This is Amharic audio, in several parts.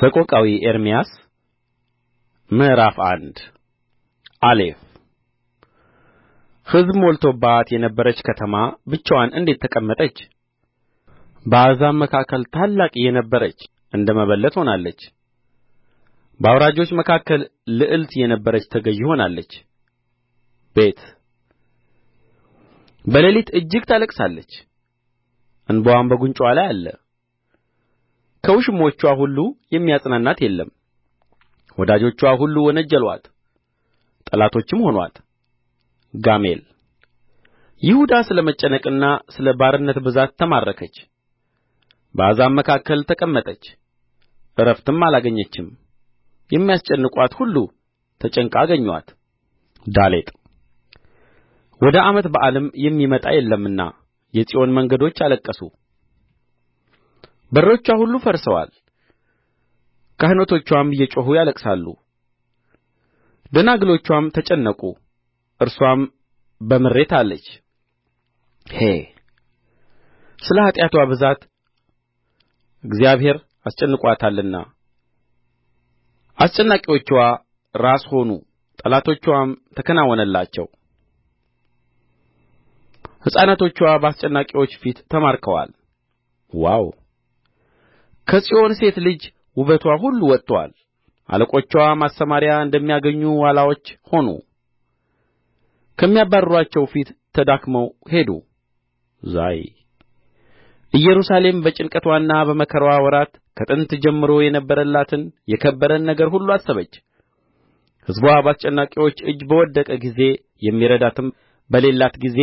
ሰቆቃዊ ኤርምያስ ምዕራፍ አንድ አሌፍ ሕዝብ ሞልቶባት የነበረች ከተማ ብቻዋን እንዴት ተቀመጠች? በአሕዛብ መካከል ታላቅ የነበረች እንደ መበለት ሆናለች። በአውራጆች መካከል ልዕልት የነበረች ተገዢ ሆናለች። ቤት በሌሊት እጅግ ታለቅሳለች፣ እንባዋም በጕንጭዋ ላይ አለ። ከውሽሞችዋ ሁሉ የሚያጽናናት የለም ወዳጆችዋ ሁሉ ወነጀሉአት ጠላቶችም ሆኑአት ጋሜል ይሁዳ ስለ መጨነቅና ስለ ባርነት ብዛት ተማረከች በአሕዛብ መካከል ተቀመጠች ዕረፍትም አላገኘችም የሚያስጨንቋት ሁሉ ተጨንቃ አገኙአት ዳሌጥ ወደ ዓመት በዓልም የሚመጣ የለምና የጽዮን መንገዶች አለቀሱ በሮችዋ ሁሉ ፈርሰዋል ካህናቶችዋም እየጮኹ ያለቅሳሉ ደናግሎችዋም ተጨነቁ እርስዋም በምሬት አለች ሄ ስለ ኃጢአትዋ ብዛት እግዚአብሔር አስጨንቆአታልና አስጨናቂዎችዋ ራስ ሆኑ ጠላቶችዋም ተከናወነላቸው ሕፃናቶችዋ በአስጨናቂዎች ፊት ተማርከዋል ዋው ከጽዮን ሴት ልጅ ውበትዋ ሁሉ ወጥቶአል አለቆችዋ ማሰማርያ እንደሚያገኙ ዋላዎች ሆኑ ከሚያባርሩአቸው ፊት ተዳክመው ሄዱ ዛይ ኢየሩሳሌም በጭንቀትዋና በመከራዋ ወራት ከጥንት ጀምሮ የነበረላትን የከበረን ነገር ሁሉ አሰበች ሕዝብዋ በአስጨናቂዎች እጅ በወደቀ ጊዜ የሚረዳትም በሌላት ጊዜ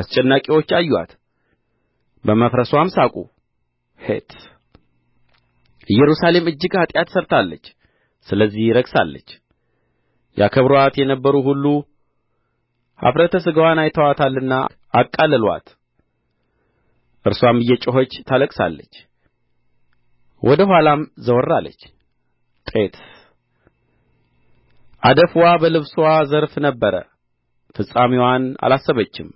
አስጨናቂዎች አዩአት በመፍረስዋም ሳቁ ሔት ኢየሩሳሌም እጅግ ኃጢአት ሠርታለች ስለዚህ ረክሳለች ያከብሩአት የነበሩ ሁሉ ኀፍረተ ሥጋዋን አይተዋታልና አቃለሉአት እርስዋም እየጮኸች ታለቅሳለች ወደ ኋላም ዘወር አለች ጤት አደፍዋ በልብስዋ ዘርፍ ነበረ ፍጻሜዋን አላሰበችም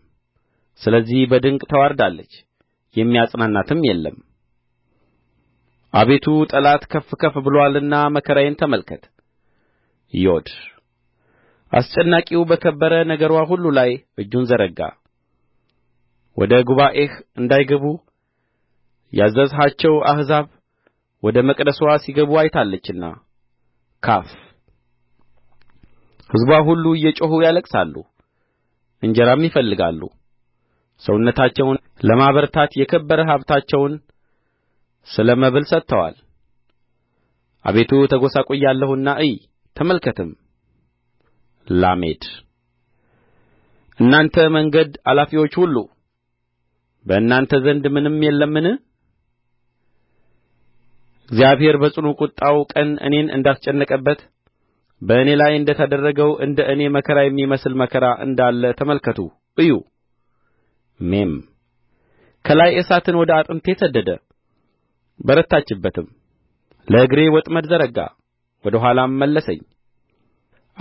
ስለዚህ በድንቅ ተዋርዳለች የሚያጽናናትም የለም አቤቱ ጠላት ከፍ ከፍ ብሎአልና መከራዬን ተመልከት ዮድ አስጨናቂው በከበረ ነገርዋ ሁሉ ላይ እጁን ዘረጋ ወደ ጉባኤህ እንዳይገቡ ያዘዝሃቸው አሕዛብ ወደ መቅደስዋ ሲገቡ አይታለችና ካፍ ሕዝቧ ሁሉ እየጮኹ ያለቅሳሉ እንጀራም ይፈልጋሉ ሰውነታቸውን ለማበርታት የከበረ ሀብታቸውን ስለ መብል ሰጥተዋል አቤቱ ተጐሳቍያለሁና እይ ተመልከትም ላሜድ እናንተ መንገድ አላፊዎች ሁሉ በእናንተ ዘንድ ምንም የለምን እግዚአብሔር በጽኑ ቍጣው ቀን እኔን እንዳስጨነቀበት በእኔ ላይ እንደ ተደረገው እንደ እኔ መከራ የሚመስል መከራ እንዳለ ተመልከቱ እዩ ሜም ከላይ እሳትን ወደ አጥንቴ ሰደደ በረታችበትም ለእግሬ ወጥመድ ዘረጋ ወደ ኋላም መለሰኝ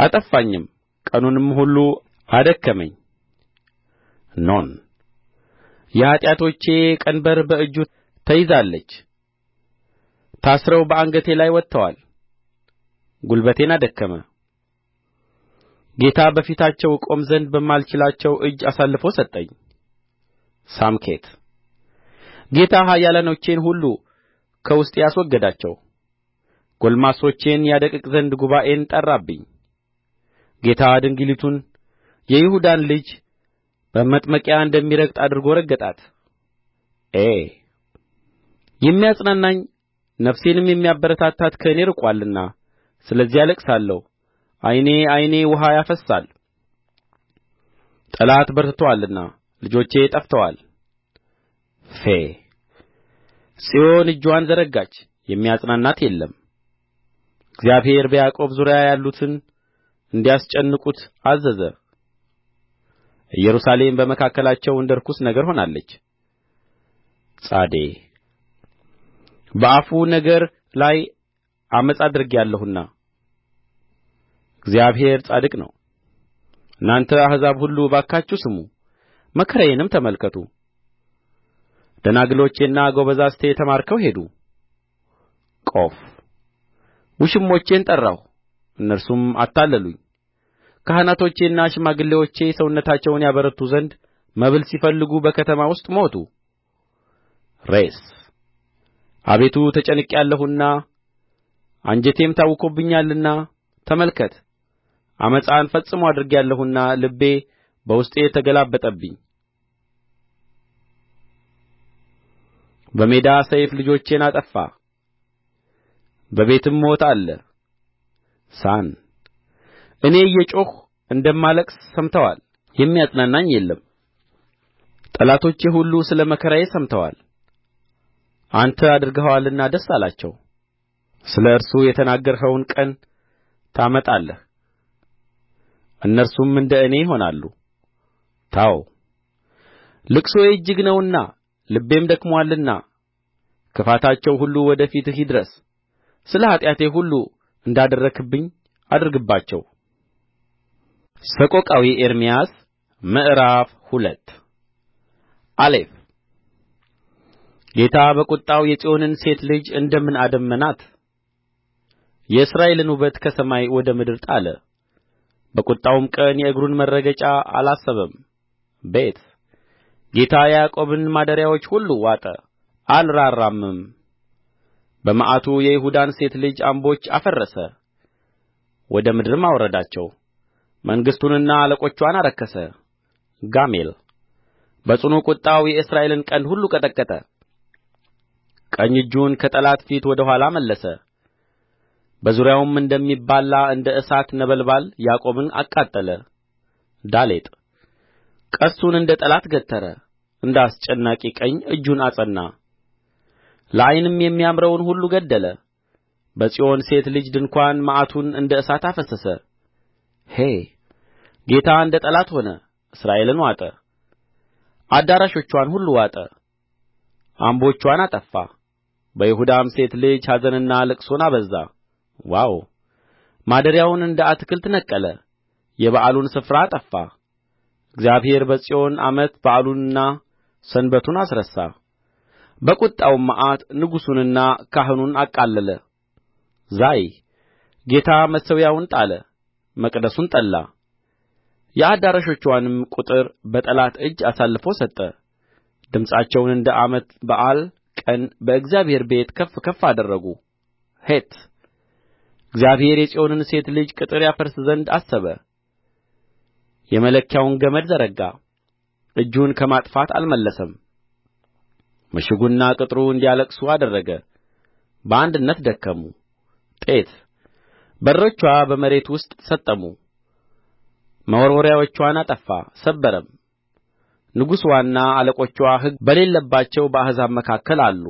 አጠፋኝም ቀኑንም ሁሉ አደከመኝ ኖን የኃጢአቶቼ ቀንበር በእጁ ተይዛለች ታስረው በአንገቴ ላይ ወጥተዋል ጕልበቴን አደከመ ጌታ በፊታቸው እቆም ዘንድ በማልችላቸው እጅ አሳልፎ ሰጠኝ ሳምኬት ጌታ ኃያላኖቼን ሁሉ ከውስጤ አስወገዳቸው ጕልማሶቼን ያደቅቅ ዘንድ ጉባኤን ጠራብኝ ጌታ ድንግሊቱን የይሁዳን ልጅ በመጥመቂያ እንደሚረግጥ አድርጎ ረገጣት ዔ የሚያጽናናኝ ነፍሴንም የሚያበረታታት ከእኔ ርቆአልና ስለዚህ አለቅሳለሁ ዓይኔ ዓይኔ ውኃ ያፈስሳል ጠላት በርትቶአልና ልጆቼ ጠፍተዋል ፌ ጽዮን እጅዋን ዘረጋች የሚያጽናናት የለም እግዚአብሔር በያዕቆብ ዙሪያ ያሉትን እንዲያስጨንቁት አዘዘ ኢየሩሳሌም በመካከላቸው እንደ ርኩስ ነገር ሆናለች ጻዴ በአፉ ነገር ላይ ዓመፅ አድርጌአለሁና እግዚአብሔር ጻድቅ ነው እናንተ አሕዛብ ሁሉ እባካችሁ ስሙ መከራዬንም ተመልከቱ ደናግሎቼና ጐበዛዝቴ ተማርከው ሄዱ ቆፍ ውሽሞቼን ጠራሁ እነርሱም አታለሉኝ ካህናቶቼና ሽማግሌዎቼ ሰውነታቸውን ያበረቱ ዘንድ መብል ሲፈልጉ በከተማ ውስጥ ሞቱ ሬስ አቤቱ ተጨንቄአለሁና አንጀቴም ታውኮብኛልና ተመልከት ዓመፃን ፈጽሞ አድርጌአለሁና ልቤ በውስጤ ተገላበጠብኝ በሜዳ ሰይፍ ልጆቼን አጠፋ በቤትም ሞት አለ ሳን እኔ እየጮኽሁ እንደማለቅስ ሰምተዋል የሚያጽናናኝ የለም ጠላቶቼ ሁሉ ስለ መከራዬ ሰምተዋል አንተ አድርገኸዋልና ደስ አላቸው ስለ እርሱ የተናገርኸውን ቀን ታመጣለህ እነርሱም እንደ እኔ ይሆናሉ ታው ልቅሶዬ እጅግ ነውና ልቤም ደክሞአልና ክፋታቸው ሁሉ ወደ ፊትህ ይድረስ ስለ ኃጢአቴ ሁሉ እንዳደረግህብኝ አድርግባቸው ሰቆቃዊ ኤርምያስ ምዕራፍ ሁለት አሌፍ ጌታ በቍጣው የጽዮንን ሴት ልጅ እንደምን አደመናት የእስራኤልን ውበት ከሰማይ ወደ ምድር ጣለ በቍጣውም ቀን የእግሩን መረገጫ አላሰበም ቤት ጌታ የያዕቆብን ማደሪያዎች ሁሉ ዋጠ አልራራምም በመዓቱ የይሁዳን ሴት ልጅ አምቦች አፈረሰ ወደ ምድርም አወረዳቸው መንግሥቱንና አለቆችዋን አረከሰ ጋሜል በጽኑ ቍጣው የእስራኤልን ቀንድ ሁሉ ቀጠቀጠ ቀኝ እጁን ከጠላት ፊት ወደ ኋላ መለሰ በዙሪያውም እንደሚባላ እንደ እሳት ነበልባል ያዕቆብን አቃጠለ ዳሌጥ ቀስቱን እንደ ጠላት ገተረ እንደ አስጨናቂ ቀኝ እጁን አጸና ለዓይንም የሚያምረውን ሁሉ ገደለ በጽዮን ሴት ልጅ ድንኳን መዓቱን እንደ እሳት አፈሰሰ ሄ ጌታ እንደ ጠላት ሆነ እስራኤልን ዋጠ አዳራሾችዋን ሁሉ ዋጠ አምቦችዋን አጠፋ በይሁዳም ሴት ልጅ ኀዘንና ልቅሶን አበዛ ዋው ማደሪያውን እንደ አትክልት ነቀለ የበዓሉን ስፍራ አጠፋ እግዚአብሔር በጽዮን ዓመት በዓሉንና ሰንበቱን አስረሳ በቍጣውም መዓት ንጉሡንና ካህኑን አቃለለ ዛይ ጌታ መሠዊያውን ጣለ መቅደሱን ጠላ የአዳራሾችዋንም ቁጥር በጠላት እጅ አሳልፎ ሰጠ ድምፃቸውን እንደ ዓመት በዓል ቀን በእግዚአብሔር ቤት ከፍ ከፍ አደረጉ ሔት እግዚአብሔር የጽዮንን ሴት ልጅ ቅጥር ያፈርስ ዘንድ አሰበ የመለኪያውን ገመድ ዘረጋ እጁን ከማጥፋት አልመለሰም ምሽጉና ቅጥሩ እንዲያለቅሱ አደረገ በአንድነት ደከሙ ጤት በሮችዋ በመሬት ውስጥ ሰጠሙ መወርወሪያዎችዋን አጠፋ ሰበረም ንጉሥዋና አለቆችዋ ሕግ በሌለባቸው በአሕዛብ መካከል አሉ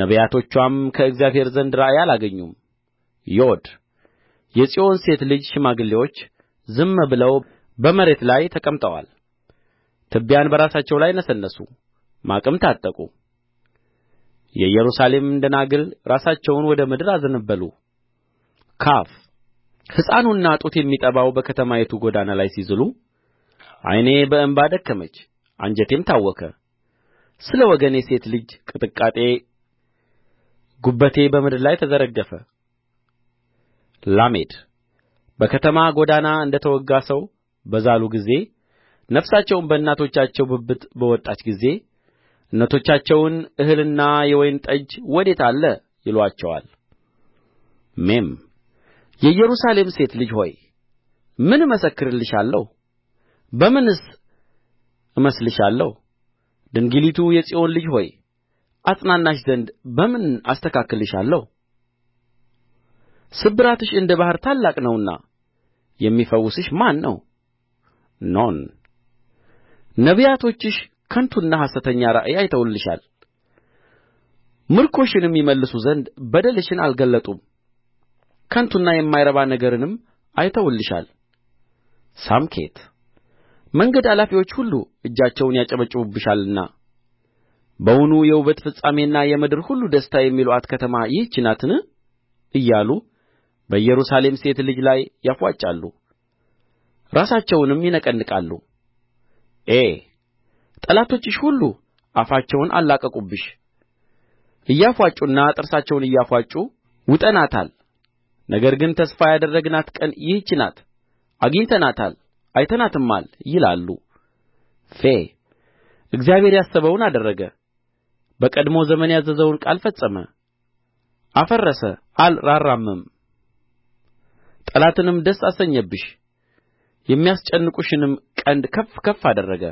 ነቢያቶችዋም ከእግዚአብሔር ዘንድ ራእይ አላገኙም ዮድ የጽዮን ሴት ልጅ ሽማግሌዎች ዝም ብለው በመሬት ላይ ተቀምጠዋል ትቢያን በራሳቸው ላይ ነሰነሱ ማቅም ታጠቁ የኢየሩሳሌምም ደናግል ራሳቸውን ወደ ምድር አዘነበሉ ካፍ ሕፃኑና ጡት የሚጠባው በከተማይቱ ጐዳና ላይ ሲዝሉ ዓይኔ በእንባ ደከመች አንጀቴም ታወከ ስለ ወገኔ ሴት ልጅ ቅጥቃጤ ጉበቴ በምድር ላይ ተዘረገፈ ላሜድ በከተማ ጐዳና እንደ ተወጋ ሰው በዛሉ ጊዜ ነፍሳቸውም በእናቶቻቸው ብብት በወጣች ጊዜ እናቶቻቸውን እህልና የወይን ጠጅ ወዴት አለ ይሉአቸዋል ሜም የኢየሩሳሌም ሴት ልጅ ሆይ ምን እመሰክርልሻለሁ በምንስ እመስልሻለሁ ድንግሊቱ የጽዮን ልጅ ሆይ አጽናናሽ ዘንድ በምን አስተካክልሻለሁ ስብራትሽ እንደ ባሕር ታላቅ ነውና የሚፈውስሽ ማን ነው ኖን ነቢያቶችሽ ከንቱና ሐሰተኛ ራእይ አይተውልሻል ምርኮሽንም ይመልሱ ዘንድ በደልሽን አልገለጡም ከንቱና የማይረባ ነገርንም አይተውልሻል ሳምኬት መንገድ አላፊዎች ሁሉ እጃቸውን ያጨበጭቡብሻልና በውኑ የውበት ፍጻሜና የምድር ሁሉ ደስታ የሚሉአት ከተማ ይህች ናትን እያሉ በኢየሩሳሌም ሴት ልጅ ላይ ያፏጫሉ ራሳቸውንም ይነቀንቃሉ ዔ ጠላቶችሽ ሁሉ አፋቸውን አላቀቁብሽ እያፍዋጩና ጥርሳቸውን እያፏጩ ውጠናታል ነገር ግን ተስፋ ያደረግናት ቀን ይህች ናት አግኝተናታል አይተናትማል ይላሉ ፌ እግዚአብሔር ያሰበውን አደረገ በቀድሞ ዘመን ያዘዘውን ቃል ፈጸመ አፈረሰ አልራራምም ጠላትንም ደስ አሰኘብሽ የሚያስጨንቁሽንም ቀንድ ከፍ ከፍ አደረገ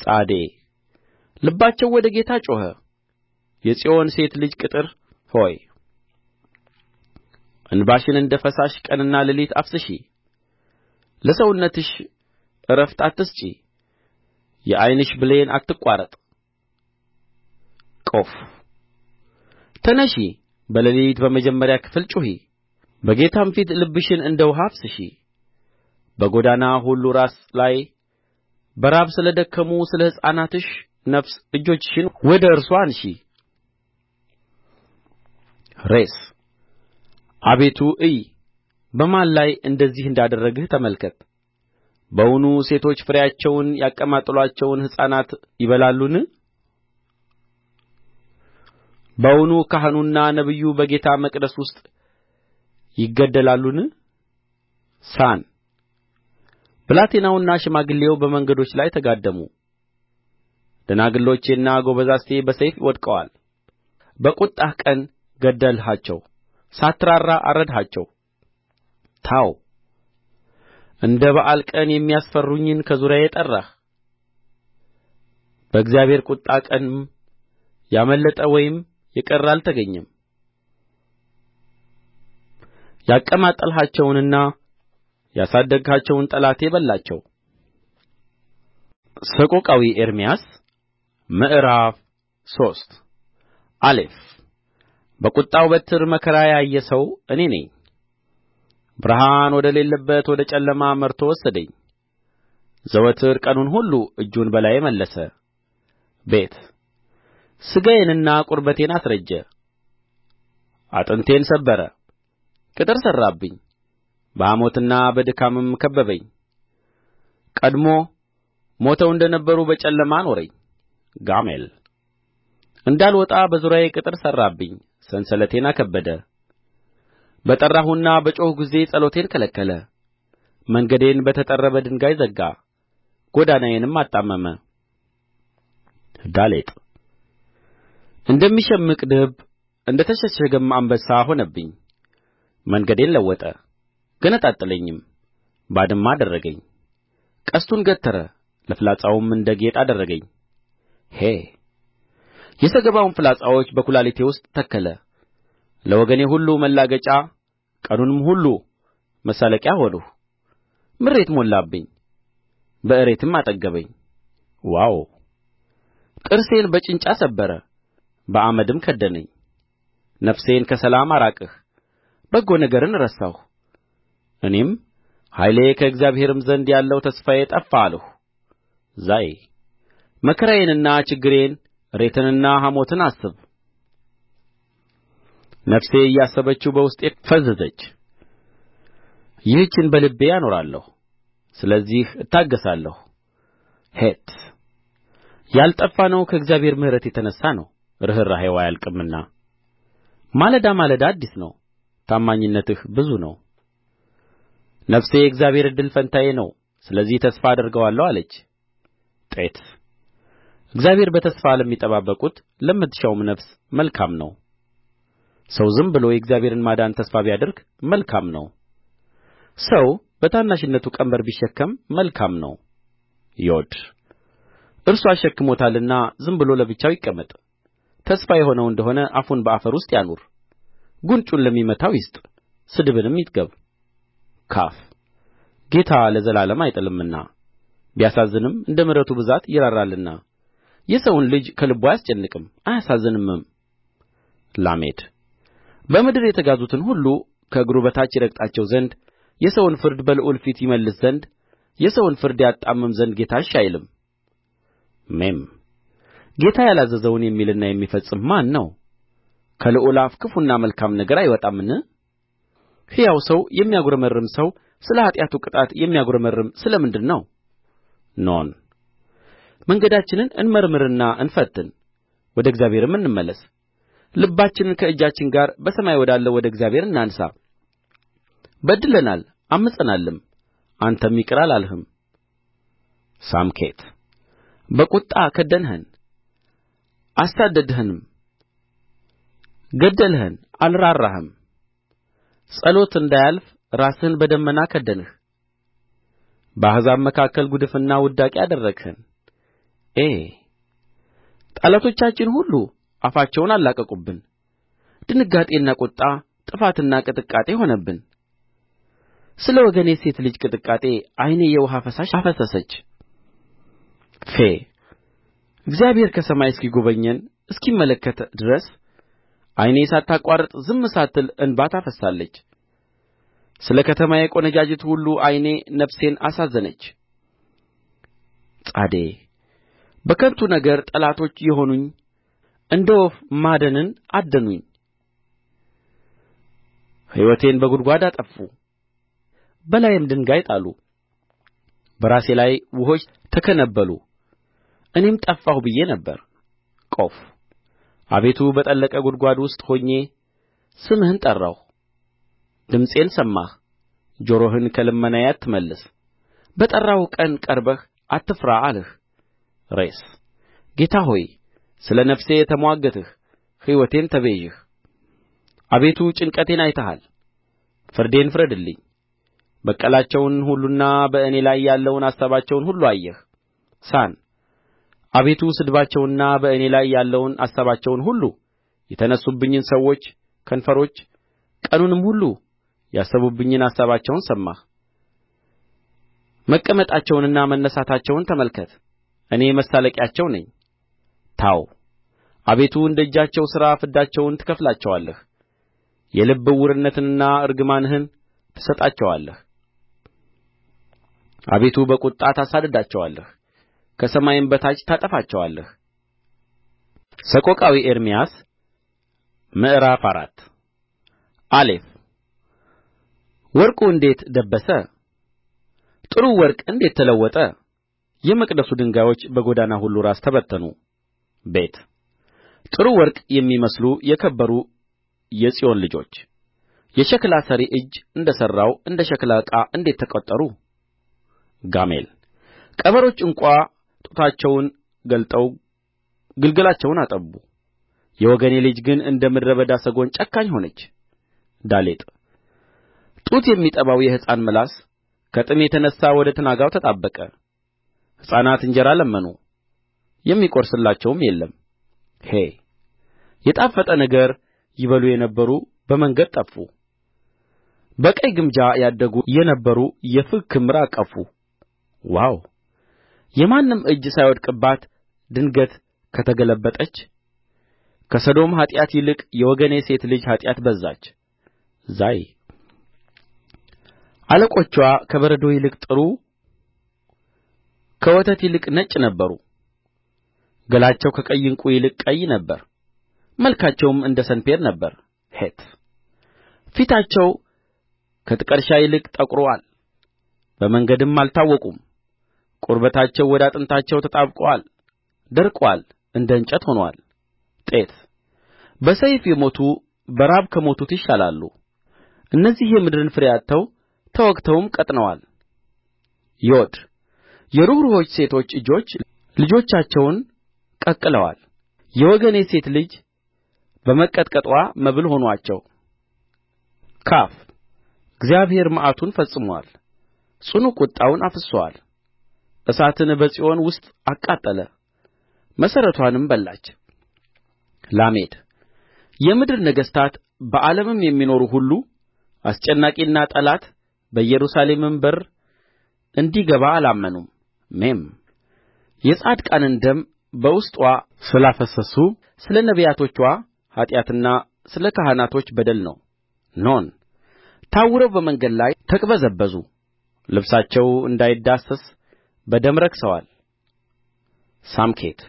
ጻዴ ልባቸው ወደ ጌታ ጮኸ የጽዮን ሴት ልጅ ቅጥር ሆይ እንባሽን እንደ ፈሳሽ ቀንና ሌሊት አፍስሺ ለሰውነትሽ ዕረፍት አትስጪ የዓይንሽ ብሌን አትቋረጥ ቆፍ ተነሺ በሌሊት በመጀመሪያ ክፍል ጩኺ በጌታም ፊት ልብሽን እንደ ውኃ አፍስሺ በጐዳና ሁሉ ራስ ላይ በራብ ስለ ደከሙ ስለ ሕፃናትሽ ነፍስ እጆችሽን ወደ እርሱ አንሺ ሬስ አቤቱ እይ በማን ላይ እንደዚህ እንዳደረግህ ተመልከት በውኑ ሴቶች ፍሬያቸውን ያቀማጠሉአቸውን ሕፃናት ይበላሉን በውኑ ካህኑና ነቢዩ በጌታ መቅደስ ውስጥ ይገደላሉን ሳን ብላቴናውና ሽማግሌው በመንገዶች ላይ ተጋደሙ ደናግሎቼና ጐበዛዝቴ በሰይፍ ወድቀዋል በቍጣህ ቀን ገደልሃቸው ሳትራራ አረድሃቸው ታው እንደ በዓል ቀን የሚያስፈሩኝን ከዙሪያዬ ጠራህ በእግዚአብሔር ቍጣ ቀንም ያመለጠ ወይም የቀረ አልተገኘም ያቀማጠልሃቸውንና ያሳደግሃቸውን ጠላቴ በላቸው ሰቆቃዊ ኤርምያስ ምዕራፍ ሶስት አሌፍ በቍጣው በትር መከራ ያየ ሰው እኔ ነኝ ብርሃን ወደሌለበት ወደ ጨለማ መርቶ ወሰደኝ ዘወትር ቀኑን ሁሉ እጁን በላዬ መለሰ ቤት ሥጋዬንና ቁርበቴን አስረጀ አጥንቴን ሰበረ ቅጥር ሠራብኝ በሐሞትና በድካምም ከበበኝ ቀድሞ ሞተው እንደ ነበሩ በጨለማ አኖረኝ ጋሜል እንዳልወጣ በዙሪያዬ ቅጥር ሠራብኝ ሰንሰለቴን አከበደ በጠራሁና በጮኽሁ ጊዜ ጸሎቴን ከለከለ መንገዴን በተጠረበ ድንጋይ ዘጋ ጐዳናዬንም አጣመመ ዳሌጥ እንደሚሸምቅ ድብ እንደ ተሸሸገም አንበሳ ሆነብኝ መንገዴን ለወጠ ገነጣጠለኝም ባድማ አደረገኝ ቀስቱን ገተረ ለፍላጻውም እንደ ጌጥ አደረገኝ ሄ የሰገባውን ፍላጻዎች በኵላሊቴ ውስጥ ተከለ ለወገኔ ሁሉ ማላገጫ ቀኑንም ሁሉ መሳለቂያ ሆንሁ ምሬት ሞላብኝ በእሬትም አጠገበኝ ዋው ጥርሴን በጭንጫ ሰበረ በአመድም ከደነኝ ነፍሴን ከሰላም አራቅህ በጎ ነገርን ረሳሁ እኔም ኃይሌ ከእግዚአብሔርም ዘንድ ያለው ተስፋዬ ጠፋ አልሁ ዛይ መከራዬንና ችግሬን እሬትንና ሐሞትን አስብ ነፍሴ እያሰበችው በውስጤ ፈዘዘች ይህችን በልቤ አኖራለሁ ስለዚህ እታገሣለሁ ሔት ነው ከእግዚአብሔር ምሕረት የተነሣ ነው ርኅራኄው አያልቅምና ማለዳ ማለዳ አዲስ ነው ታማኝነትህ ብዙ ነው ነፍሴ የእግዚአብሔር እድል ፈንታዬ ነው ስለዚህ ተስፋ አደርገዋለሁ አለች ጤት እግዚአብሔር በተስፋ ለሚጠባበቁት ለምትሻውም ነፍስ መልካም ነው ሰው ዝም ብሎ የእግዚአብሔርን ማዳን ተስፋ ቢያደርግ መልካም ነው ሰው በታናሽነቱ ቀንበር ቢሸከም መልካም ነው ዮድ እርሱ አሸክሞታልና ዝም ብሎ ለብቻው ይቀመጥ ተስፋ የሆነው እንደሆነ አፉን በአፈር ውስጥ ያኑር ጕንጩን ለሚመታው ይስጥ ስድብንም ይጥገብ ካፍ ጌታ ለዘላለም አይጥልምና ቢያሳዝንም እንደ ምሕረቱ ብዛት ይራራልና የሰውን ልጅ ከልቡ አያስጨንቅም አያሳዝንምም ላሜድ በምድር የተጋዙትን ሁሉ ከእግሩ በታች ይረግጣቸው ዘንድ የሰውን ፍርድ በልዑል ፊት ይመልስ ዘንድ የሰውን ፍርድ ያጣምም ዘንድ ጌታ እሺ አይልም ሜም ጌታ ያላዘዘውን የሚልና የሚፈጽም ማን ነው ከልዑል አፍ ክፉና መልካም ነገር አይወጣምን ሕያው ሰው የሚያጕረመርም ሰው ስለ ኃጢአቱ ቅጣት የሚያጕረመርም ስለ ምንድር ነው ኖን መንገዳችንን እንመርምርና እንፈትን ወደ እግዚአብሔርም እንመለስ ልባችንን ከእጃችን ጋር በሰማይ ወዳለው ወደ እግዚአብሔር እናንሣ በድለናል ዐምፀናልም አንተም ይቅር አላልህም ሳምኬት በቍጣ ከደንኸን አሳደድኸንም ገደልኸን አልራራህም ጸሎት እንዳያልፍ ራስህን በደመና ከደንህ በአሕዛብ መካከል ጕድፍና ውዳቂ አደረግኸን ዔ ጠላቶቻችን ሁሉ አፋቸውን አላቀቁብን ድንጋጤና ቍጣ ጥፋትና ቅጥቃጤ ሆነብን ስለ ወገኔ ሴት ልጅ ቅጥቃጤ ዓይኔ የውኃ ፈሳሽ አፈሰሰች ፌ እግዚአብሔር ከሰማይ እስኪጐበኘን እስኪመለከት ድረስ ዓይኔ ሳታቋርጥ ዝም ሳትል እንባ ታፈስሳለች ስለ ከተማዬ ቈነጃጅት ሁሉ ዓይኔ ነፍሴን አሳዘነች ጻዴ በከንቱ ነገር ጠላቶች የሆኑኝ እንደ ወፍ ማደንን አደኑኝ ሕይወቴን በጕድጓድ አጠፉ በላዬም ድንጋይ ጣሉ በራሴ ላይ ውኆች ተከነበሉ እኔም ጠፋሁ ብዬ ነበር ቆፍ አቤቱ በጠለቀ ጕድጓድ ውስጥ ሆኜ ስምህን ጠራሁ ድምፄን ሰማህ ጆሮህን ከልመናዬ አትመልስ በጠራሁህ ቀን ቀርበህ አትፍራ አልህ ሬስ ጌታ ሆይ ስለ ነፍሴ ተሟገትህ ሕይወቴን ተቤዠህ አቤቱ ጭንቀቴን አይተሃል ፍርዴን ፍረድልኝ በቀላቸውን ሁሉና በእኔ ላይ ያለውን አሳባቸውን ሁሉ አየህ ሳን አቤቱ ስድባቸውንና በእኔ ላይ ያለውን አሳባቸውን ሁሉ የተነሡብኝን ሰዎች ከንፈሮች ቀኑንም ሁሉ ያሰቡብኝን አሳባቸውን ሰማህ መቀመጣቸውንና መነሣታቸውን ተመልከት እኔ መሳለቂያቸው ነኝ ታው አቤቱ እንደ እጃቸው ሥራ ፍዳቸውን ትከፍላቸዋለህ የልብ ዕውርነትንና እርግማንህን ትሰጣቸዋለህ አቤቱ በቍጣ ታሳድዳቸዋለህ ከሰማይም በታች ታጠፋቸዋለህ ሰቆቃዊ ኤርምያስ ምዕራፍ አራት አሌፍ ወርቁ እንዴት ደበሰ ጥሩው ወርቅ እንዴት ተለወጠ የመቅደሱ ድንጋዮች በጎዳና ሁሉ ራስ ተበተኑ ቤት ጥሩ ወርቅ የሚመስሉ የከበሩ የጽዮን ልጆች የሸክላ ሠሪ እጅ እንደ ሠራው እንደ ሸክላ ዕቃ እንዴት ተቈጠሩ ጋሜል ቀበሮች እንኳ ጡታቸውን ገልጠው ግልገላቸውን አጠቡ የወገኔ ልጅ ግን እንደ ምድረ በዳ ሰጐን ጨካኝ ሆነች ዳሌጥ ጡት የሚጠባው የሕፃን ምላስ ከጥም የተነሣ ወደ ትናጋው ተጣበቀ ሕፃናት እንጀራ ለመኑ የሚቈርስላቸውም የለም ሄ የጣፈጠ ነገር ይበሉ የነበሩ በመንገድ ጠፉ በቀይ ግምጃ ያደጉ የነበሩ የፍግ ክምር አቀፉ ዋው የማንም እጅ ሳይወድቅባት ድንገት ከተገለበጠች ከሰዶም ኃጢአት ይልቅ የወገኔ ሴት ልጅ ኃጢአት በዛች ዛይ አለቆችዋ ከበረዶ ይልቅ ጥሩ ከወተት ይልቅ ነጭ ነበሩ ገላቸው ከቀይ ዕንቍ ይልቅ ቀይ ነበረ መልካቸውም እንደ ሰንፔር ነበረ ሔት ፊታቸው ከጥቀርሻ ይልቅ ጠቍሮአል በመንገድም አልታወቁም ቁርበታቸው ወደ አጥንታቸው ተጣብቆአል ደርቆአል እንደ እንጨት ሆኖአል ጤት በሰይፍ የሞቱ በራብ ከሞቱት ይሻላሉ እነዚህ የምድርን ፍሬ አጥተው ተወግተውም ቀጥነዋል ዮድ የርኅሩኆች ሴቶች እጆች ልጆቻቸውን ቀቅለዋል የወገኔ ሴት ልጅ በመቀጥቀጥዋ መብል ሆኗቸው። ካፍ እግዚአብሔር መዓቱን ፈጽሞአል ጽኑ ቍጣውን አፍስሶአል እሳትን በጽዮን ውስጥ አቃጠለ መሠረትዋንም በላች ላሜድ የምድር ነገሥታት በዓለምም የሚኖሩ ሁሉ አስጨናቂና ጠላት በኢየሩሳሌምም በር እንዲገባ አላመኑም ሜም የጻድቃንን ደም በውስጥዋ ስላፈሰሱ ስለ ነቢያቶችዋ ኃጢአትና ስለ ካህናቶች በደል ነው ኖን ታውረው በመንገድ ላይ ተቅበዘበዙ ልብሳቸው እንዳይዳሰስ በደም ረክሰዋል ሳምኬት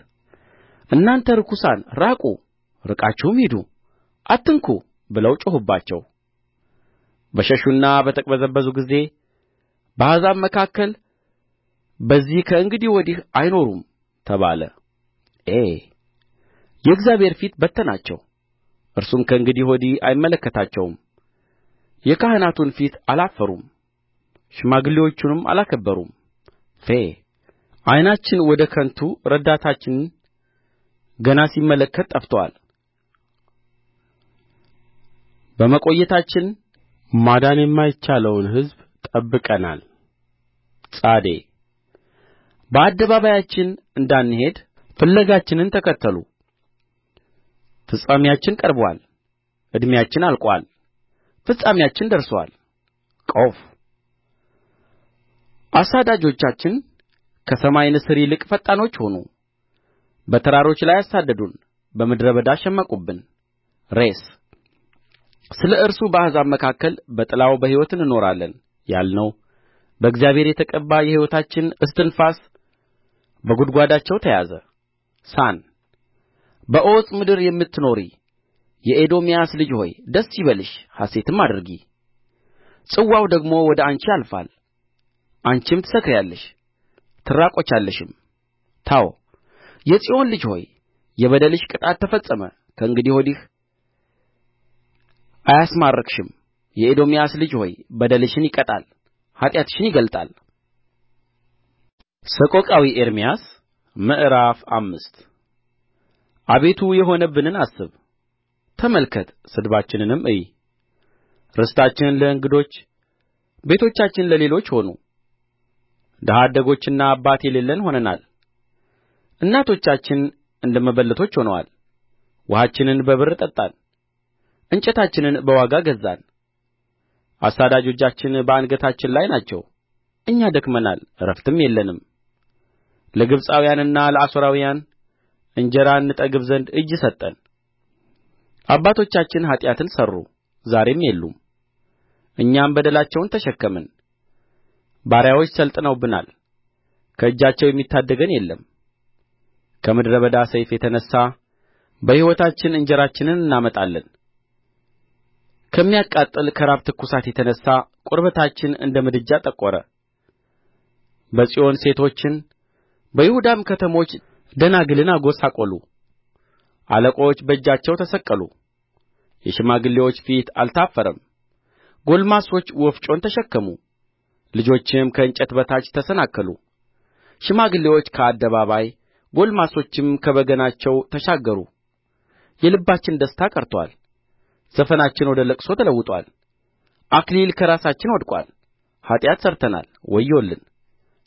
እናንተ ርኩሳን ራቁ ርቃችሁም ሂዱ አትንኩ ብለው ጮኹባቸው በሸሹና በተቅበዘበዙ ጊዜ በአሕዛብ መካከል በዚህ ከእንግዲህ ወዲህ አይኖሩም ተባለ ኤ የእግዚአብሔር ፊት በተናቸው እርሱም ከእንግዲህ ወዲህ አይመለከታቸውም የካህናቱን ፊት አላፈሩም ሽማግሌዎቹንም አላከበሩም ፌ ዓይናችን ወደ ከንቱ ረዳታችን ገና ሲመለከት ጠፍቶአል በመቆየታችን ማዳን የማይቻለውን ሕዝብ ጠብቀናል ጻዴ በአደባባያችን እንዳንሄድ ፍለጋችንን ተከተሉ ፍጻሜያችን ቀርቦአል ዕድሜያችን አልቆአል ፍጻሜያችን ደርሶአል ቆፍ አሳዳጆቻችን ከሰማይ ንስር ይልቅ ፈጣኖች ሆኑ በተራሮች ላይ አሳደዱን በምድረ በዳ ሸመቁብን ሬስ ስለ እርሱ በአሕዛብ መካከል በጥላው በሕይወት እንኖራለን ያልነው በእግዚአብሔር የተቀባ የሕይወታችን እስትንፋስ በጕድጓዳቸው ተያዘ ሳን በዖፅ ምድር የምትኖሪ የኤዶምያስ ልጅ ሆይ ደስ ይበልሽ ሐሤትም አድርጊ ጽዋው ደግሞ ወደ አንቺ ያልፋል አንቺም ትሰክሪአለሽ ትራቆቻለሽም። ታው የጽዮን ልጅ ሆይ የበደልሽ ቅጣት ተፈጸመ ከእንግዲህ ወዲህ አያስማርክሽም የኤዶምያስ ልጅ ሆይ በደልሽን ይቀጣል ኃጢአትሽን ይገልጣል ሰቆቃዊ ኤርምያስ ምዕራፍ አምስት አቤቱ የሆነብንን አስብ ተመልከት ስድባችንንም እይ ርስታችን ለእንግዶች ቤቶቻችን ለሌሎች ሆኑ ድሀ አደጎችና አባት የሌለን ሆነናል እናቶቻችን እንደ መበለቶች ሆነዋል ውኃችንን በብር ጠጣን እንጨታችንን በዋጋ ገዛን አሳዳጆቻችን በአንገታችን ላይ ናቸው እኛ ደክመናል ዕረፍትም የለንም ለግብጻውያንና ለአሦራውያን እንጀራ እንጠግብ ዘንድ እጅ ሰጠን አባቶቻችን ኃጢአትን ሠሩ ዛሬም የሉም እኛም በደላቸውን ተሸከምን ባሪያዎች ሠልጥነውብናል ከእጃቸው የሚታደገን የለም ከምድረ በዳ ሰይፍ የተነሣ በሕይወታችን እንጀራችንን እናመጣለን ከሚያቃጥል ከራብ ትኩሳት የተነሣ ቁርበታችን እንደ ምድጃ ጠቈረ በጽዮን ሴቶችን በይሁዳም ከተሞች ደናግልን አጐሳቈሉ አለቆች በእጃቸው ተሰቀሉ የሽማግሌዎች ፊት አልታፈረም ጕልማሶች ወፍጮን ተሸከሙ ልጆችም ከእንጨት በታች ተሰናከሉ ሽማግሌዎች ከአደባባይ ጕልማሶችም ከበገናቸው ተሻገሩ የልባችን ደስታ ቀርቶአል ዘፈናችን ወደ ልቅሶ ተለውጦአል አክሊል ከራሳችን ወድቆአል ኃጢአት ሠርተናል ወዮልን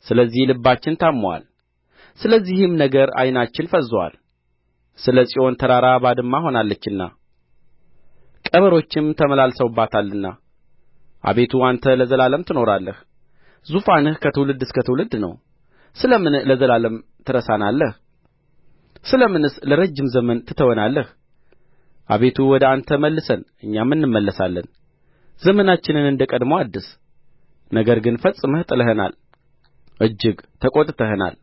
ስለዚህ ልባችን ታምሞአል ስለዚህም ነገር ዓይናችን ፈዝዞአል ስለ ጽዮን ተራራ ባድማ ሆናለችና ቀበሮችም ተመላልሰውባታልና አቤቱ አንተ ለዘላለም ትኖራለህ ዙፋንህ ከትውልድ እስከ ትውልድ ነው ስለ ምን ለዘላለም ትረሳናለህ ስለ ምንስ ለረጅም ዘመን ትተወናለህ አቤቱ ወደ አንተ መልሰን እኛም እንመለሳለን ዘመናችንን እንደ ቀድሞ አድስ ነገር ግን ፈጽመህ ጥለኸናል እጅግ ተቈጥተኸናል